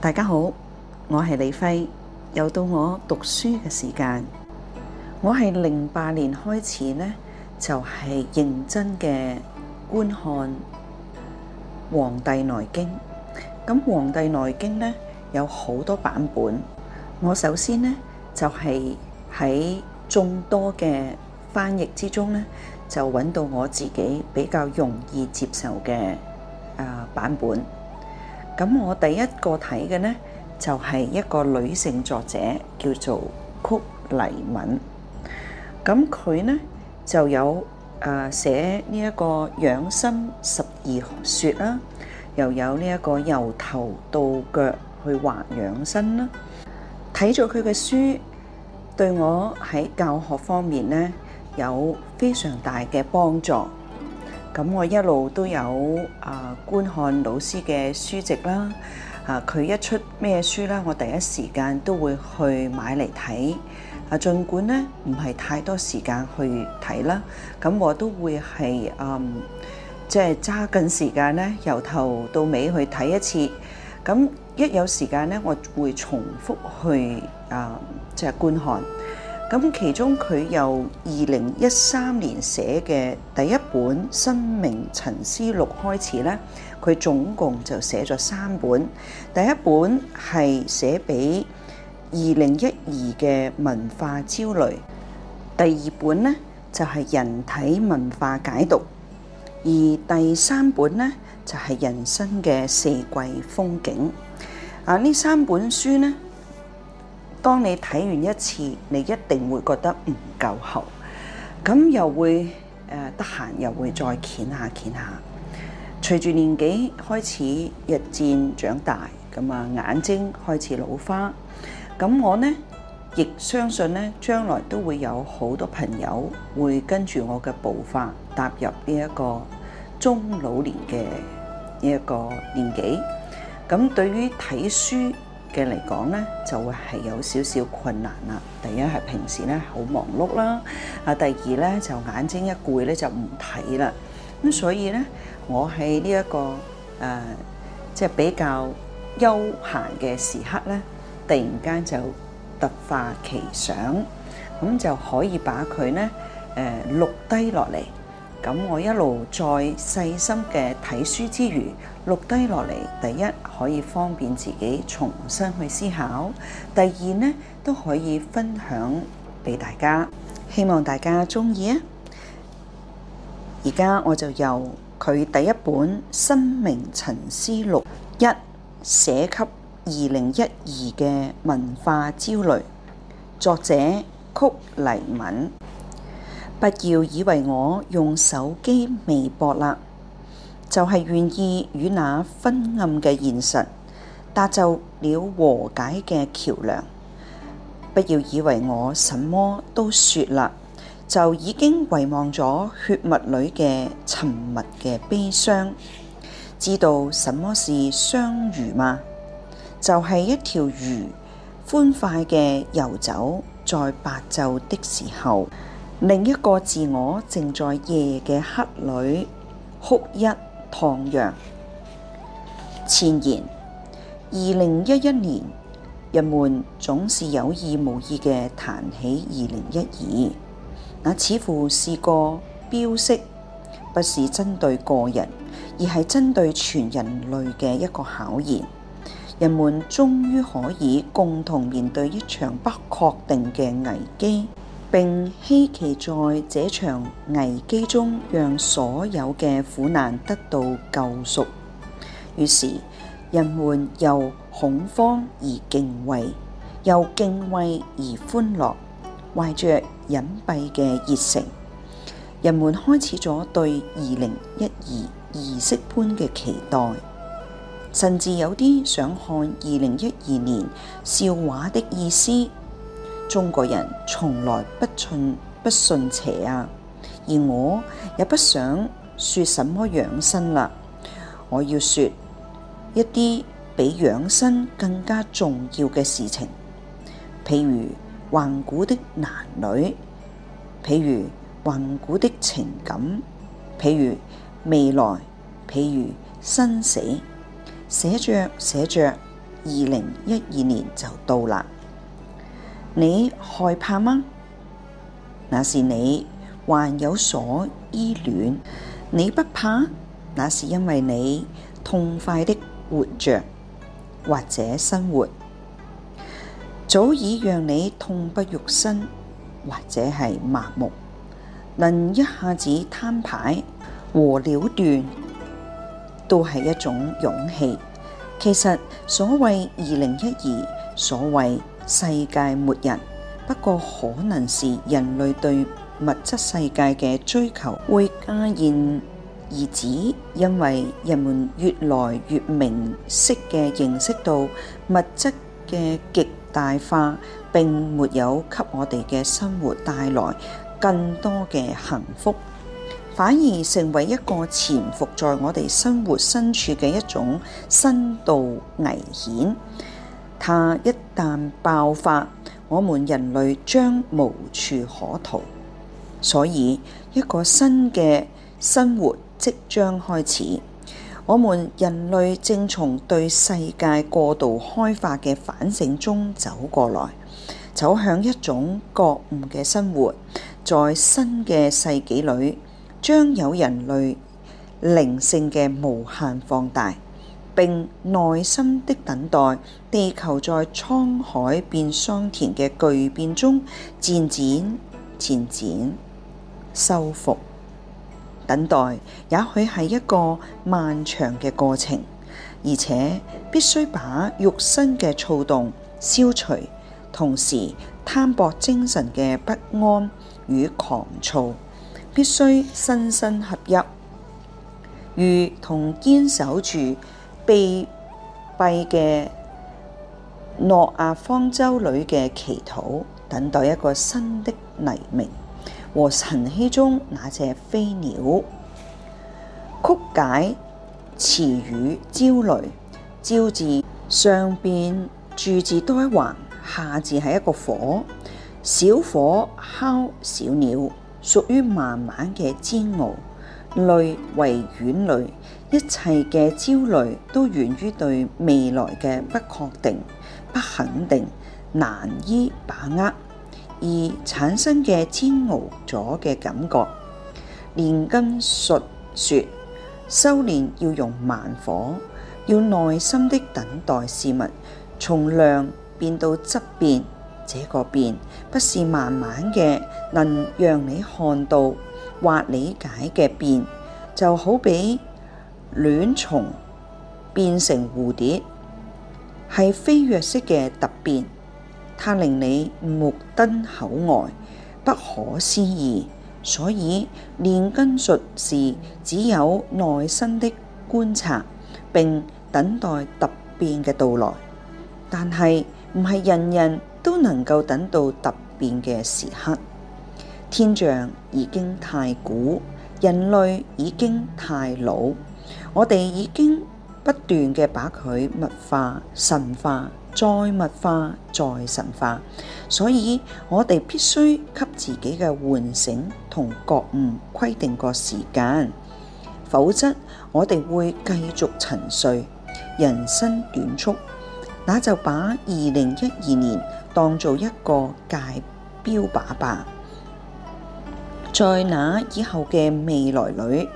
大家好，我係李輝，又到我讀書嘅時間。我係零八年開始呢就係、是、認真嘅觀看《黃帝內經》。咁《黃帝內經》呢有好多版本，我首先呢就係喺眾多嘅翻譯之中呢就揾到我自己比較容易接受嘅、呃、版本。咁我第一個睇嘅呢，就係一個女性作者叫做曲黎敏，咁佢呢就有誒寫呢一個養生十二說啦，又有呢一個由頭到腳去畫養生啦。睇咗佢嘅書，對我喺教學方面呢有非常大嘅幫助。咁我一路都有啊、呃、觀看老師嘅書籍啦，啊佢一出咩書啦，我第一時間都會去買嚟睇，啊儘管呢唔係太多時間去睇啦，咁我都會係嗯即係揸緊時間呢，由頭到尾去睇一次，咁一有時間呢，我會重複去啊即係觀看。咁其中佢由二零一三年寫嘅第一本《生命沉思錄》開始咧，佢總共就寫咗三本。第一本係寫俾二零一二嘅文化焦慮，第二本咧就係《人體文化解讀》，而第三本咧就係《人生嘅四季風景》。啊，呢三本書咧。當你睇完一次，你一定會覺得唔夠喉，咁又會誒得閒又會再攰下攰下。隨住年紀開始日漸長大，咁啊眼睛開始老花。咁我呢，亦相信呢，將來都會有好多朋友會跟住我嘅步伐，踏入呢一個中老年嘅呢一個年紀。咁對於睇書，嘅嚟講咧，就會係有少少困難啦。第一係平時咧，好忙碌啦，啊，第二咧，就眼睛一攰咧，就唔睇啦。咁所以咧，我喺呢一個誒即係比較休閒嘅時刻咧，突然間就突發奇想，咁就可以把佢咧誒錄低落嚟。咁我一路再細心嘅睇書之餘，錄低落嚟。第一可以方便自己重新去思考，第二呢都可以分享俾大家，希望大家中意啊！而家我就由佢第一本《生命沉思錄》一寫給二零一二嘅文化焦慮，作者曲黎敏。不要以為我用手機微博啦，就係、是、願意與那昏暗嘅現實搭就了和解嘅橋梁。不要以為我什麼都説啦，就已經遺忘咗血脈裏嘅沉默嘅悲傷。知道什麼是相遇嗎？就係、是、一條魚，歡快嘅游走在白晝的時候。另一個自我正在夜嘅黑裏哭泣徜徉。前言：二零一一年，人們總是有意無意嘅談起二零一二，那似乎是一個標識，不是針對個人，而係針對全人類嘅一個考驗。人們終於可以共同面對一場不確定嘅危機。並希冀在這場危機中，讓所有嘅苦難得到救贖。於是，人們由恐慌而敬畏，由敬畏而歡樂，懷着隱蔽嘅熱誠，人們開始咗對二零一二儀式般嘅期待，甚至有啲想看二零一二年笑話的意思。中國人從來不，不信邪啊！而我也不想說什麼養生啦，我要說一啲比養生更加重要嘅事情，譬如亙古的男女，譬如亙古的情感，譬如未來，譬如生死。寫着寫着，二零一二年就到啦。你害怕嗎？那是你還有所依戀。你不怕，那是因為你痛快的活着，或者生活早已讓你痛不欲生，或者係麻木。能一下子攤牌和了斷，都係一種勇氣。其實所謂二零一二，所謂……世界末日，不過可能是人類對物質世界嘅追求會加現而止，因為人們越來越明晰嘅認識到物質嘅極大化，並沒有給我哋嘅生活帶來更多嘅幸福，反而成為一個潛伏在我哋生活深處嘅一種深度危險。它一旦爆發，我們人類將無處可逃。所以，一個新嘅生活即將開始。我們人類正從對世界過度開發嘅反省中走過來，走向一種覺悟嘅生活。在新嘅世紀裏，將有人類靈性嘅無限放大。並耐心的等待地球在滄海變桑田嘅巨變中漸漸漸漸修復等待，也許係一個漫長嘅過程，而且必須把肉身嘅躁動消除，同時攤薄精神嘅不安與狂躁，必須身心合一，如同堅守住。被閉嘅諾亞方舟裏嘅祈禱，等待一個新的黎明和晨曦中那隻飛鳥。曲解詞語，焦慮，焦字上邊住字多一橫，下字係一個火，小火烤小鳥，屬於慢慢嘅煎熬。累為怨累，一切嘅焦慮都源於對未來嘅不確定、不肯定、難以把握，而產生嘅煎熬咗嘅感覺。煉金術說，修煉要用慢火，要耐心的等待事物從量變到質變。這個變不是慢慢嘅，能讓你看到。或理解嘅變，就好比卵蟲變成蝴蝶，係飛躍式嘅突變，它令你目瞪口呆，不可思議。所以練根術時，只有耐心的觀察，並等待突變嘅到來。但係唔係人人都能夠等到突變嘅時刻。天象已經太古，人類已經太老，我哋已經不斷嘅把佢物化、神化，再物化、再神化，所以我哋必須給自己嘅喚醒同覺悟規定個時間，否則我哋會繼續沉睡。人生短促，那就把二零一二年當做一個界標靶吧。在那以後嘅未來裏，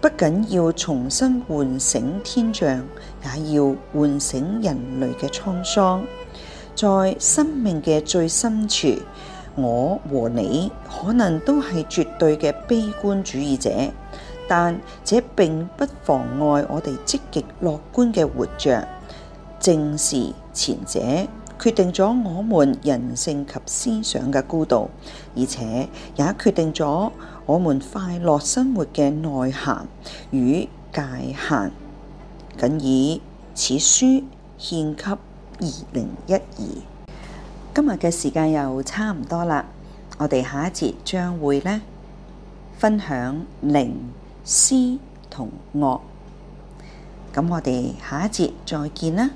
不僅要重新喚醒天象，也要喚醒人類嘅滄桑。在生命嘅最深處，我和你可能都係絕對嘅悲觀主義者，但這並不妨礙我哋積極樂觀嘅活着。正是前者，決定咗我們人性及思想嘅高度，而且也決定咗我們快樂生活嘅內涵與界限。僅以此書獻給二零一二。今日嘅時間又差唔多啦，我哋下一節將會咧分享靈、思同樂。咁我哋下一節再見啦。